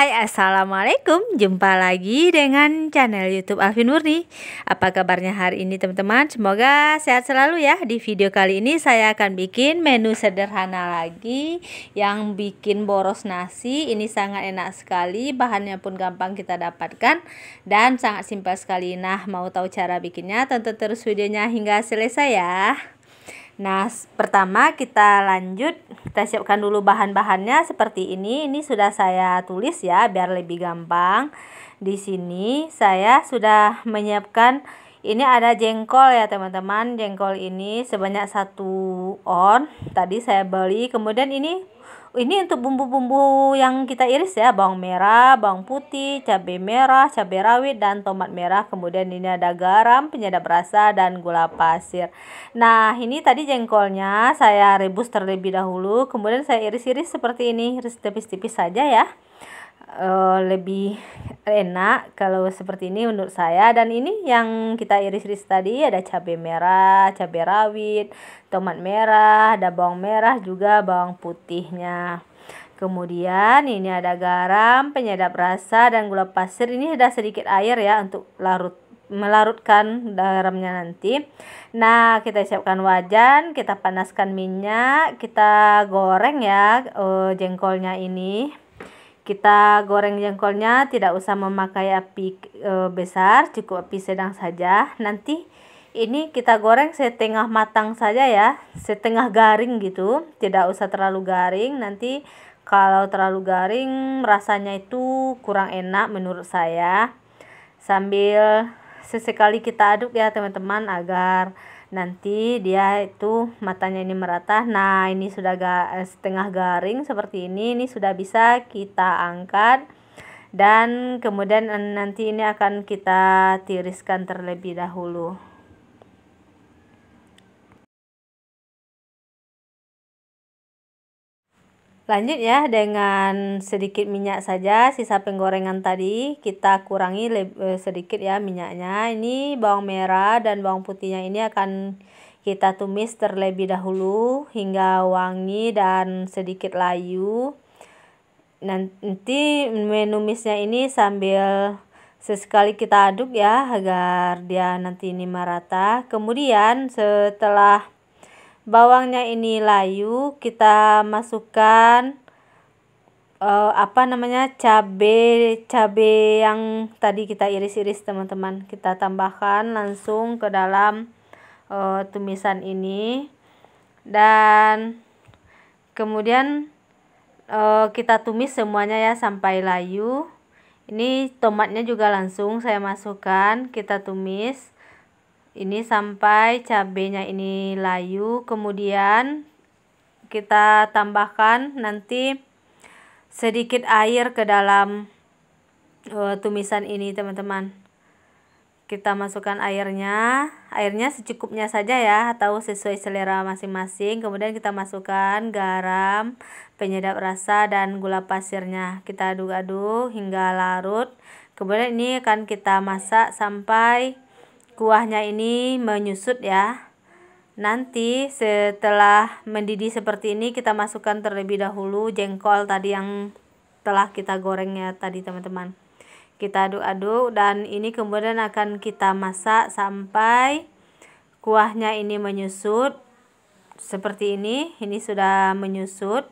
Hai Assalamualaikum, jumpa lagi dengan channel youtube Alvin Murni Apa kabarnya hari ini teman-teman, semoga sehat selalu ya Di video kali ini saya akan bikin menu sederhana lagi Yang bikin boros nasi, ini sangat enak sekali Bahannya pun gampang kita dapatkan Dan sangat simpel sekali Nah mau tahu cara bikinnya, tonton terus videonya hingga selesai ya Nah, pertama kita lanjut, kita siapkan dulu bahan-bahannya seperti ini. Ini sudah saya tulis ya, biar lebih gampang. Di sini saya sudah menyiapkan ini ada jengkol ya teman-teman jengkol ini sebanyak satu on tadi saya beli kemudian ini ini untuk bumbu-bumbu yang kita iris ya bawang merah bawang putih cabai merah cabai rawit dan tomat merah kemudian ini ada garam penyedap rasa dan gula pasir nah ini tadi jengkolnya saya rebus terlebih dahulu kemudian saya iris-iris seperti ini iris tipis-tipis saja ya uh, lebih enak kalau seperti ini menurut saya dan ini yang kita iris-iris tadi ada cabai merah cabai rawit tomat merah ada bawang merah juga bawang putihnya kemudian ini ada garam penyedap rasa dan gula pasir ini ada sedikit air ya untuk larut melarutkan garamnya nanti. Nah, kita siapkan wajan, kita panaskan minyak, kita goreng ya eh, jengkolnya ini. Kita goreng jengkolnya tidak usah memakai api e, besar, cukup api sedang saja. Nanti ini kita goreng setengah matang saja ya, setengah garing gitu, tidak usah terlalu garing. Nanti kalau terlalu garing rasanya itu kurang enak menurut saya. Sambil sesekali kita aduk ya teman-teman agar nanti dia itu matanya ini merata nah ini sudah ga, eh, setengah garing seperti ini ini sudah bisa kita angkat dan kemudian eh, nanti ini akan kita tiriskan terlebih dahulu Lanjut ya dengan sedikit minyak saja sisa penggorengan tadi kita kurangi eh, sedikit ya minyaknya. Ini bawang merah dan bawang putihnya ini akan kita tumis terlebih dahulu hingga wangi dan sedikit layu. Nanti menumisnya ini sambil sesekali kita aduk ya agar dia nanti ini merata. Kemudian setelah bawangnya ini layu kita masukkan uh, apa namanya cabe cabe yang tadi kita iris-iris teman-teman kita tambahkan langsung ke dalam uh, tumisan ini dan kemudian uh, kita tumis semuanya ya sampai layu ini tomatnya juga langsung saya masukkan kita tumis ini sampai cabenya ini layu kemudian kita tambahkan nanti sedikit air ke dalam uh, tumisan ini teman-teman kita masukkan airnya airnya secukupnya saja ya atau sesuai selera masing-masing kemudian kita masukkan garam penyedap rasa dan gula pasirnya kita aduk-aduk hingga larut kemudian ini akan kita masak sampai kuahnya ini menyusut ya nanti setelah mendidih seperti ini kita masukkan terlebih dahulu jengkol tadi yang telah kita gorengnya tadi teman-teman kita aduk-aduk dan ini kemudian akan kita masak sampai kuahnya ini menyusut seperti ini ini sudah menyusut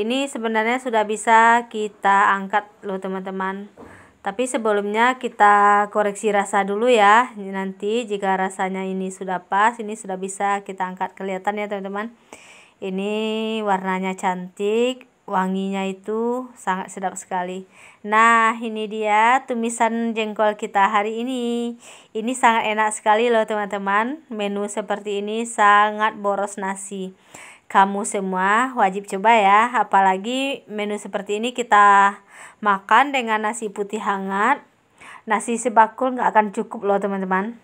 ini sebenarnya sudah bisa kita angkat loh teman-teman tapi sebelumnya kita koreksi rasa dulu ya. Nanti jika rasanya ini sudah pas, ini sudah bisa kita angkat kelihatan ya teman-teman. Ini warnanya cantik, wanginya itu sangat sedap sekali. Nah, ini dia tumisan jengkol kita hari ini. Ini sangat enak sekali loh teman-teman. Menu seperti ini sangat boros nasi kamu semua wajib coba ya. Apalagi menu seperti ini kita makan dengan nasi putih hangat. Nasi sebakul nggak akan cukup loh teman-teman.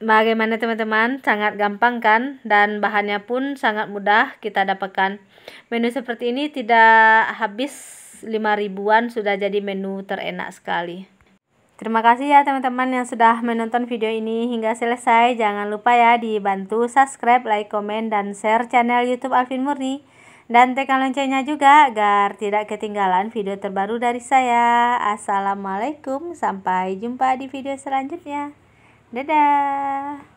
Bagaimana teman-teman? Sangat gampang kan? Dan bahannya pun sangat mudah kita dapatkan. Menu seperti ini tidak habis 5 ribuan sudah jadi menu terenak sekali. Terima kasih ya teman-teman yang sudah menonton video ini hingga selesai. Jangan lupa ya dibantu subscribe, like, komen, dan share channel Youtube Alvin Murni. Dan tekan loncengnya juga agar tidak ketinggalan video terbaru dari saya. Assalamualaikum, sampai jumpa di video selanjutnya. Dadah!